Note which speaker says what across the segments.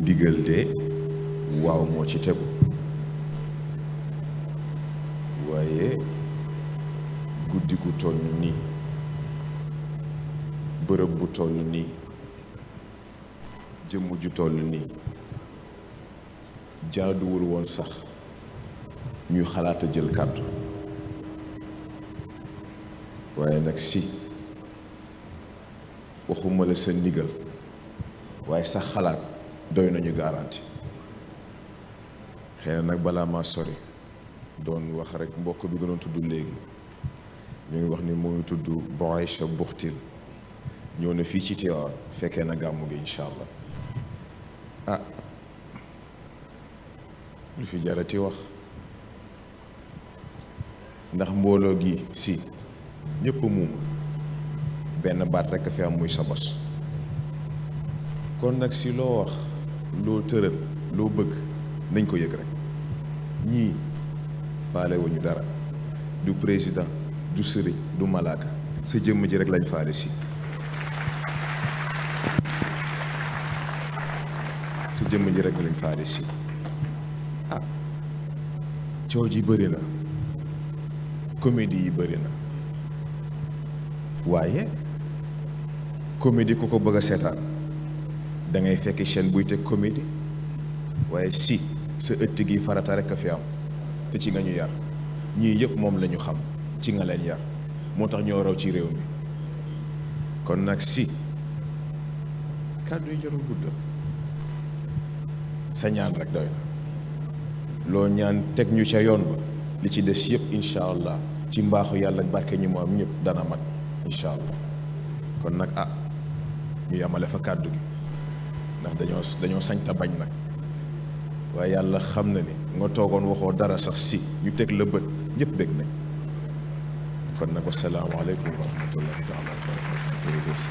Speaker 1: ndigal de waaw moo ci tegu waaye guddi gu toll nii bërëb bu toll nii jëmm ju toll nii jaaduwul woon sax ñuy xalaata jël kàddu waaye nag si waxuma la sa ndigal waaye sax xalaat doy nañu garanti xëy na nag balaa maa sori doon wax rek mbokk bi gënoon tudd léegi ñu ngi wax ni mu ngi tudd Boaïcha Buxtil ñëw na fii ci Tiwaawan fekkee na gàmmu gi incha allah ah lu fi jarati wax ndax mbooloo gi si ñëpp muuma benn baat rek a fi am muy sa bos kon nag si loo wax loo tëral loo bëgg nañ ko yëg rek ñii faale wuñu dara du président du sëri du malaaka sa jëmm ji rek lañ faale si sa jëmm ji rek lañ faale si ah coow ji bëri na comédie yi bëri na waaye comédie ko ko bëgg a seetaan dangay fekk chaîne buy teg comédie waaye si sa ëtt gi farata rek fi am te ci nga ñu yar ñii yëpp moom lañu xam ci nga leen yar moo tax ñoo raw ci réew mi kon nag si kàddu yi jarul gudd sa ñaan rek doy loo ñaan teg ñu ca yoon ba li ci des yëpp incha allah ci mbaaxu yàlla barke ñi mu am ñëpp dana mat incha allah kon nag ah ñu yamale fa kàddu gi ndax dañoo dañoo sañta bañ nag waaye yàlla xam na ni nga toogoon waxoo dara sax si ñu teg la bët ñëpp bég nañ kon nag wassalaamu aleykum wa rahmatullahi taala wa barakatuh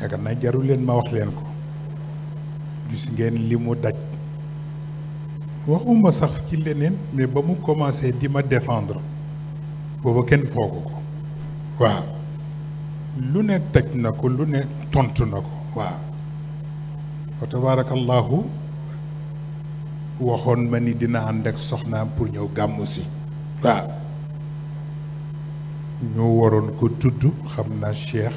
Speaker 2: yaakaar naa jaru ma wax leen ko gis ngeen li mu daj waxuma sax ci leneen mais ba mu commencé di ma défendre booba kenn foogu ko waaw lu ne daj na ko lu ne tontu na ko waaw wa tabarakallahu waxoon ma ni dina ànd ak soxnaam pour ñëw gàmmu si waaw ñoo waroon ko tudd xam naa Cheikh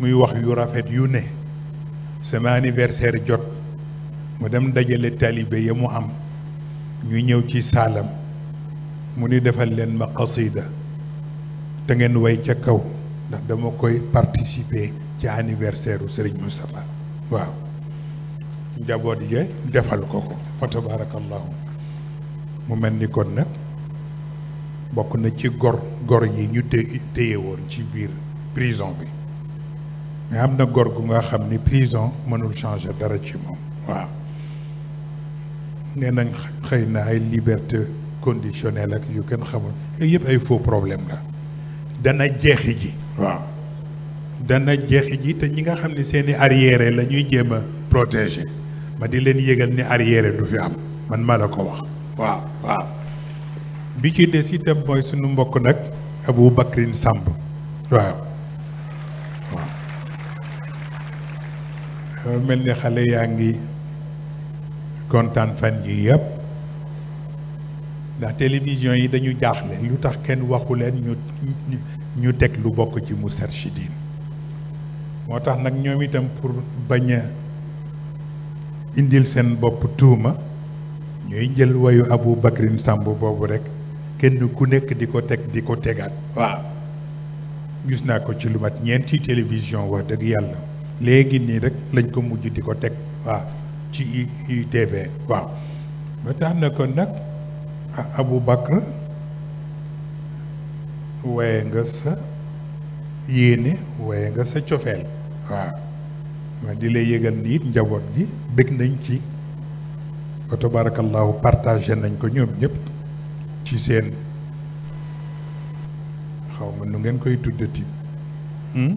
Speaker 2: muy wax yu rafet yu ne sama anniversaire jot mu dem dajale talibé ya mu am ñu ñëw ci salam mu ni defal len ma qasida da ngeen way ca kaw ndax dama koy participer ci anniversaire Serigne mustapha waaw njaboot ye defal ko ko fa tabarakallah mu melni kon nag bokku na ci gor gor yi ñu teyewon ci bir prison bi mais am na gu nga xamni prison mënul changer dara ci mom waaw nee nañ xëy na ay liberté conditionnelle ak yu kenn xamul yooyu yëpp ay faux problème la dana jeexi ji waaw dana jeexi ji te ñi nga xam seen seeni arriéré la ñuy jéem a protéger ma di leen yëgal ni arriéré du fi am man ma la ko wax waaw waaw bi ci des itam mooy suñu mbokk nag Abou Bakrin Samb waaw dafa mel ni xale yaa ngi kontaan fan yi yëpp ndax télévision yi dañu jaaxle lu tax kenn waxu leen ñu ñu teg lu bokk ci Moustarchidine moo tax nag ñoom itam pour bañ a indil seen bopp tuuma ñooy jël wayu abu Bakrin Samb boobu rek kenn ku nekk di ko teg di ko tegaat waaw gis naa ko ci lu mat ñeenti télévision wax dëgg yàlla léegi nii rek lañ ko mujj di ko teg waaw ci UTV waaw ba tax na ko nag abu Bakr waaye nga sa yéene waaye nga sa cofeel waaw ma di lay yëgal niit njaboot gi bëgg nañ ci ba tabarakallahu partage nañ ko ñoom ñépp ci seen xaw ma nu ngeen koy tuddati hmm?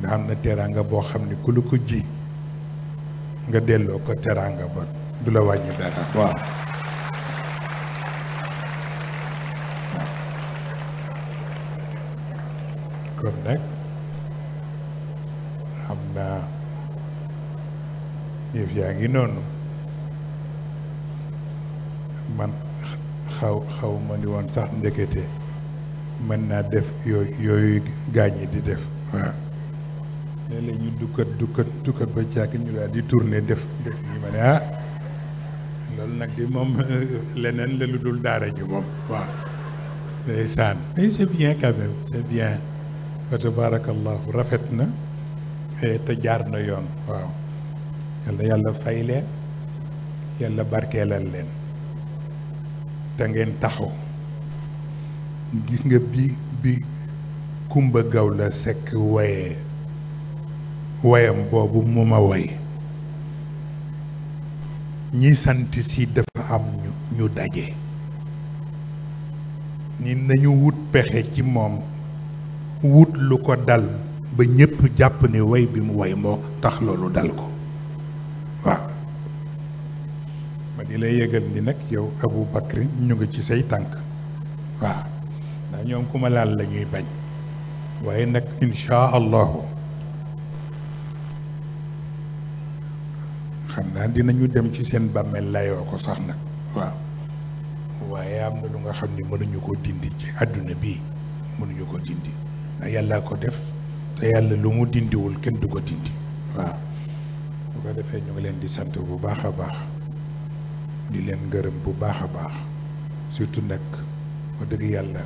Speaker 2: nga am na teraanga boo xam ne ku lu ji nga delloo ko teraanga ba du la wàññi dara waaw kon nag xam naa yëf yaa ngi noonu man xaw xaw ni woon sax ndekete mën naa def yooyu yooyu gaañ yi di def waaw léeg-léeg ñu dukkat dukkat dukkat ba jàkk ñu daal di tourné def def ñu ma ne ah loolu nag di moom leneen la lu dul daara ji moom waaw ndeysaan mais c'est bien quand même c'est bien fa tabarakallahu rafet na te jaar na yoon waaw yàlla yàlla fay leen yàlla barkeelal leen te ngeen taxaw gis nga bi bi Kumba Gawla Seck waaye woyam boobu mu ma woy ñi sant si dafa am ñu ñu daje ni nañu wut pexe ci moom wut lu ko dal ba ñépp jàpp ni woy bi mu woy moo tax loolu dal ko waaw ma di lay yëgal ni nag yow Abu Bakri ñu ngi ci say tànk waaw ndax ñoom ku ma laal la bañ waaye nag inchaa allahu xam naa dinañu dem ci seen bàmmeel layoo ko sax nag waaw waaye am na lu nga xam ni mënuñu koo dindi ci àdduna bi mënuñu ko dindi ndax yàllaa ko def te yàlla lu mu dindiwul kenn du ko dindi waaw bu ko defee ñu ngi leen di sant bu baax a baax di leen gërëm bu baax a baax surtout nag wax dëgg yàlla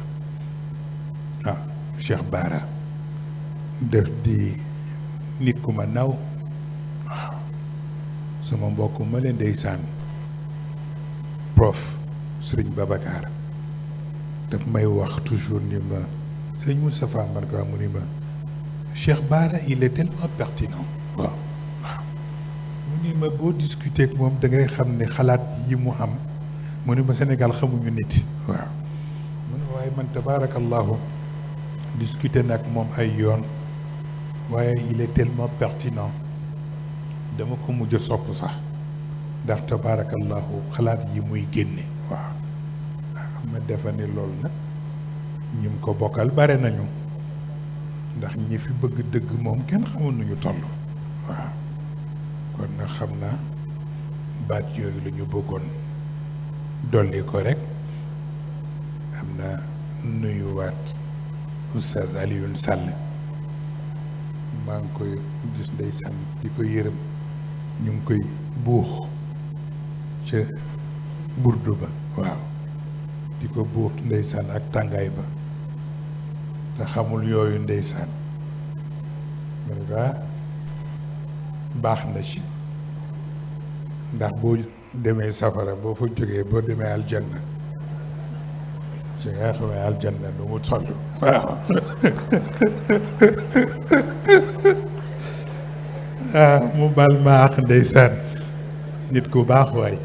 Speaker 2: ah Cheikh Bara def di nit ku ma naw sama mbokk ma leen ndeysaan prof sëriñ Babacar daf may wax toujours ni ma sëriñ Moustapha man ko ma Cheikh Bara il est tellement pertinent Je ma discuter ak moom da ngay xam ne yi mu am mu ni ma Sénégal xamuñu nit waaw mu ne man tabaarakallahu discuter nag moom ay yoon il est tellement pertinent dama ko mujj a sopp sax ndax tabaarakallaahu xalaat yi muy génne waaw xam nga defa ne loolu nag ñi ko bokkal bare nañu ndax ñi fi bëgg dëgg moom kenn xamul nu ñu toll waaw kon nag xam naa baat yooyu la ñu bëggoon dolli ko rek am na nuyuwaat oustaz Alioune Sall maa ngi koy gis ndeysaan di ko yërëm ñu ngi koy buux ca burdu ba waaw di ko buux ndeysaan ak tàngaay ba te xamul yooyu ndeysaan man waa ah, baax na ci ndax boo demee safara boo fa jógee boo demee aljanna ci nga xamee aljanna lu mu toll waaw mu bal maax ndeysaan nit ku baax waay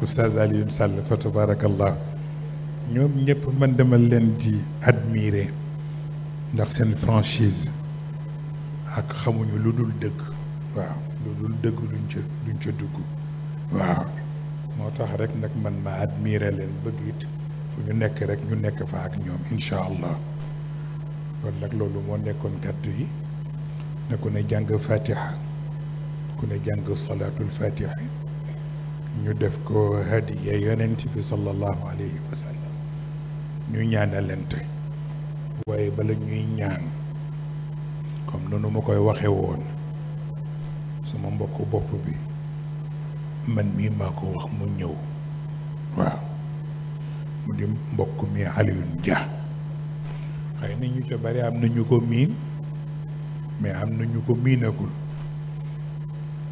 Speaker 2: oustaz Alioune Sall fa tabarakallah ñoom ñëpp man dama leen di admirer ndax seen franchise ak xamuñu lu dul dëgg waaw lu dul dëgg duñ ca duñ ca dugg waaw moo tax rek nag man ma admirer leen bëgg it fu ñu nekk rek ñu nekk fa ak ñoom incha allah kon nag loolu moo nekkoon kàddu yi ne ko ne jàng fatiha ku ne jàng salaatul fatiha ñu def ko hadiya yonent bi sallallahu alayhi wa sallam ñu ñaanalante waaye bala ñuy ñaan comme noonu ma koy waxee woon sama mbokk bopp bi man mii maa ko wax mu ñëw waaw mu di mbokk mi Alioune Dia xëy na ñu ca bari am na ñu ko miin mais am na ñu ko miinagul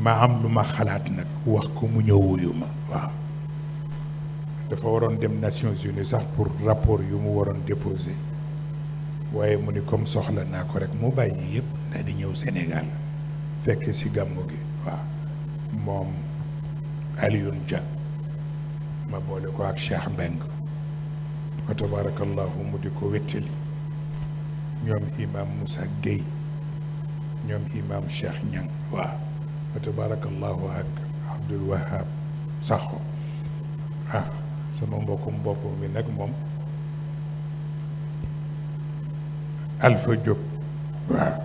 Speaker 2: ma am lu ma xalaat nag wax ko mu ñëw wuyu ma waaw dafa waroon dem Nations Unies sax pour rapport yu mu waroon déposé waaye mu ni comme soxla naa ko rek mu bàyyi yëpp na di ñëw Sénégal fekk ci gàmmu gi waaw moom Alioune Dia ma boole ko ak Cheikh Mbengue wa tabarakallahu mu di ko wettali ñoom imam Moussa Gueye ñoom imam Cheikh Niang waaw وتبارك الله اك عبد الوهاب صحو اه سما مبوكم بوكو مي نك الف جوب واه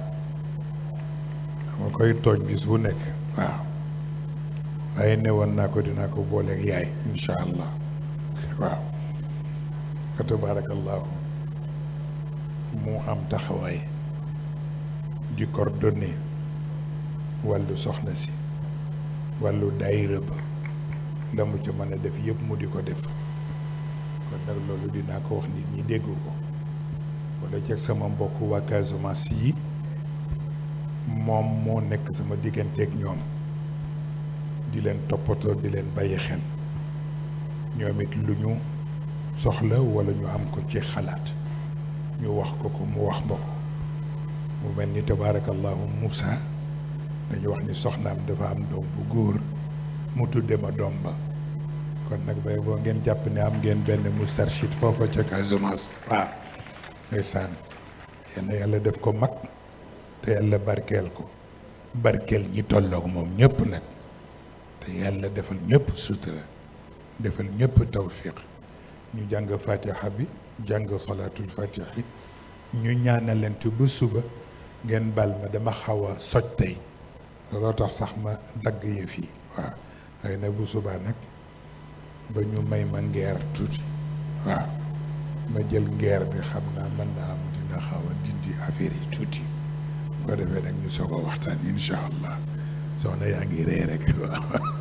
Speaker 2: ما كاي توج بيس بو نك واه اي نيوان ناكو بولك ياي ان شاء الله واه تبارك الله مو ام تخواي دي كوردونير wàllu soxna si wàllu daayira ba la mu ca mën a def yëpp mu di ko def kon nag loolu dinaa ko wax nit ñi dégg ko wala ceeg sama mbokk waa Casamance yi moom moo nekk sama digganteeg ñoom di leen toppatoo di leen bàyyi xel ñoom it lu ñu soxla wala ñu am ko ci xalaat ñu wax ko ko mu wax ma ko mu mel ni tabaarakallahu Moussa dañu wax ni soxnaam dafa am doom bu góor mu tudde ma doom ba kon nag bay boo ngeen jàpp ni am ngeen benn moustarchid foofa ca Casamance waaw ndeysaan yenn yàlla def ko mag te yàlla barkeel ko barkeel ñi tolloog moom ñëpp nag te yàlla defal ñëpp sutura defal ñëpp tawfiq ñu jàng fatiha bi jàng salaatul fatiha ñu ñaanalante bu suba ngeen bal ma dama xaw a soj tey looloo tax sax ma dagg yëf yi waaw xëy na bu subaa nag ba ñu may ma ngeer tuuti waaw ma jël ngeer bi xam naa mën naa am dina xaw a dindi affaire yi tuuti bu ko defee nag ñu soog a waxtaan incha allah soxna yaa
Speaker 1: ngi ree rek waaw